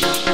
Thank you.